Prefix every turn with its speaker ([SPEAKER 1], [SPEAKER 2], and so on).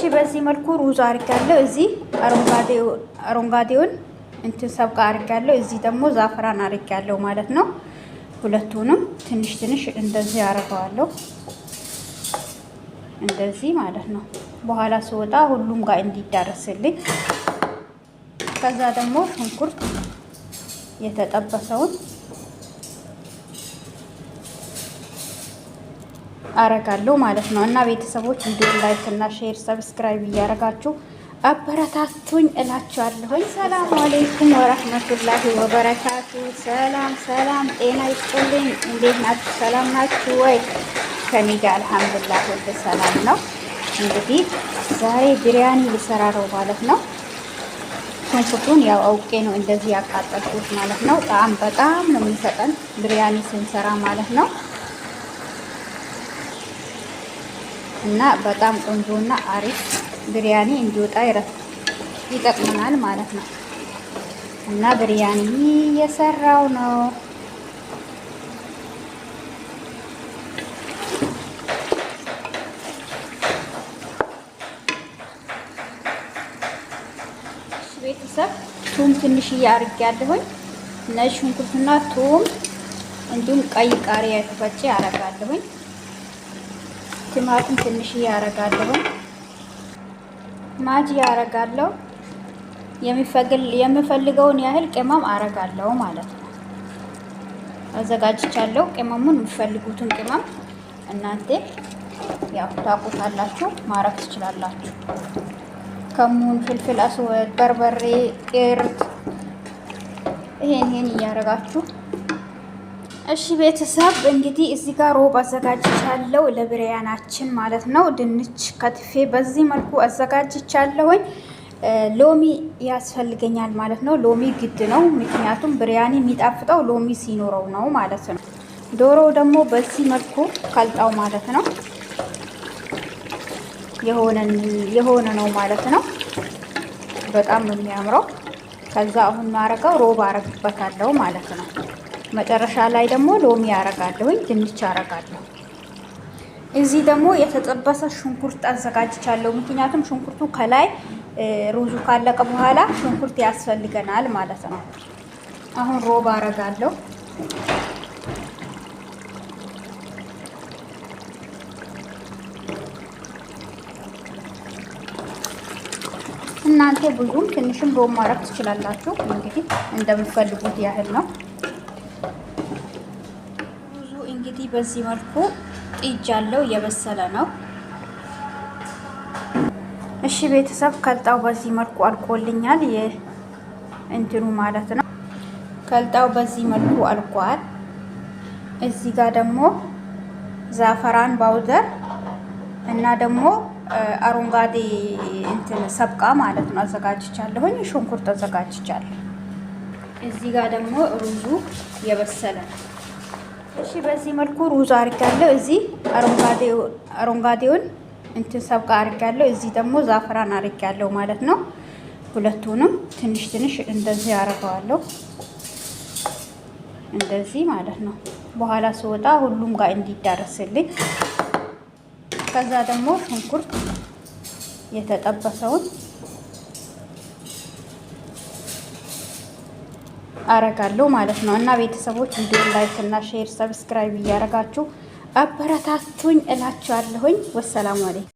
[SPEAKER 1] እሺ በዚህ መልኩ ሩዝ አድርጋለሁ። እዚህ አረንጓዴውን እንትን ሰብቃ አድርጋለሁ። እዚህ ደግሞ ዛፈራን አድርጋለሁ ማለት ነው። ሁለቱንም ትንሽ ትንሽ እንደዚህ አደርገዋለሁ። እንደዚህ ማለት ነው። በኋላ ስወጣ ሁሉም ጋር እንዲዳረስልኝ። ከዛ ደግሞ ሽንኩርት የተጠበሰውን አረጋለሁ ማለት ነው። እና ቤተሰቦች እንዲሁም ላይክ እና ሼር ሰብስክራይብ እያረጋችሁ አበረታቱኝ እላችኋለሁኝ። ሰላም አሌይኩም ወረህመቱላሂ ወበረካቱ። ሰላም ሰላም፣ ጤና ይስጥልኝ። እንዴት ናችሁ? ሰላም ናችሁ ወይ? ከሚጋ አልሐምዱላ ወደ ሰላም ነው። እንግዲህ ዛሬ ቢሪያኒ ልሰራ ነው ማለት ነው። ኮንሶቱን ያው አውቄ ነው እንደዚህ ያቃጠልኩት ማለት ነው። ጣም በጣም ነው የሚሰጠን ቢሪያኒ ስንሰራ ማለት ነው። እና በጣም ቆንጆ እና አሪፍ ብሪያኒ እንዲወጣ ይጠቅመናል ማለት ነው። እና ብሪያኒ እየሰራው ነው። ቤተሰብ ቱም ትንሽ እያርግ ያለሁኝ ነጭ ሽንኩርትና ቱም እንዲሁም ቀይ ቃሪያ የተፈጨ አረጋለሁኝ። ቲማቲም ትንሽዬ አረጋለሁ። ማጅ አረጋለሁ። የሚፈግል የምፈልገውን ያህል ቅመም አረጋለሁ ማለት ነው። አዘጋጅቻለሁ ቅመሙን፣ የምፈልጉትን ቅመም እናንተ ያው ታውቁታላችሁ፣ ማረግ ትችላላችሁ። ከሙን፣ ፍልፍል አስወድ፣ በርበሬ፣ ቅርት ይሄን ይሄን እያረጋችሁ እሺ ቤተሰብ እንግዲህ እዚህ ጋር ሮብ አዘጋጅቻለሁ ለብሪያናችን ማለት ነው። ድንች ከትፌ በዚህ መልኩ አዘጋጅቻለሁኝ። ሎሚ ያስፈልገኛል ማለት ነው። ሎሚ ግድ ነው፣ ምክንያቱም ብሪያኒ የሚጣፍጠው ሎሚ ሲኖረው ነው ማለት ነው። ዶሮ ደግሞ በዚህ መልኩ ከልጣው ማለት ነው የሆነ ነው ማለት ነው። በጣም የሚያምረው ከዛ አሁን ማረገው ሮብ አረግበታለሁ ማለት ነው። መጨረሻ ላይ ደግሞ ሎሚ አረጋለሁኝ፣ ድንች አረጋለሁ። እዚህ ደግሞ የተጠበሰ ሽንኩርት አዘጋጅቻለሁ። ምክንያቱም ሽንኩርቱ ከላይ ሩዙ ካለቀ በኋላ ሽንኩርት ያስፈልገናል ማለት ነው። አሁን ሮብ አረጋለሁ። እናንተ ብዙም ትንሽም ሮብ ማረግ ትችላላችሁ። እንግዲህ እንደምትፈልጉት ያህል ነው። በዚህ መልኩ ጥጃለው፣ እየበሰለ ነው። እሺ ቤተሰብ ከልጣው በዚህ መልኩ አልቆልኛል። እንትኑ ማለት ነው። ከልጣው በዚህ መልኩ አልቋል። እዚህ ጋር ደግሞ ዛፈራን ባውደር እና ደግሞ አረንጓዴ እንትን ሰብቃ ማለት ነው አዘጋጅቻለሁኝ። ሽንኩርት አዘጋጅቻለሁ። እዚህ ጋር ደግሞ ሩዙ የበሰለ ነው። እሺ በዚህ መልኩ ሩዝ አድርጋለሁ። እዚህ አረንጓዴውን እንትን ሰብቃ አርጋለሁ። እዚህ ደግሞ ዛፍራን አርጋለሁ ማለት ነው። ሁለቱንም ትንሽ ትንሽ እንደዚህ አደርገዋለሁ። እንደዚህ ማለት ነው። በኋላ ስወጣ ሁሉም ጋር እንዲዳረስልኝ። ከዛ ደግሞ ሽንኩርት የተጠበሰውን አረጋለሁ ማለት ነው። እና ቤተሰቦች እንዲሁም ላይክ እና ሼር፣ ሰብስክራይብ እያረጋችሁ አበረታቱኝ እላችኋለሁኝ። ወሰላሙ አለይኩም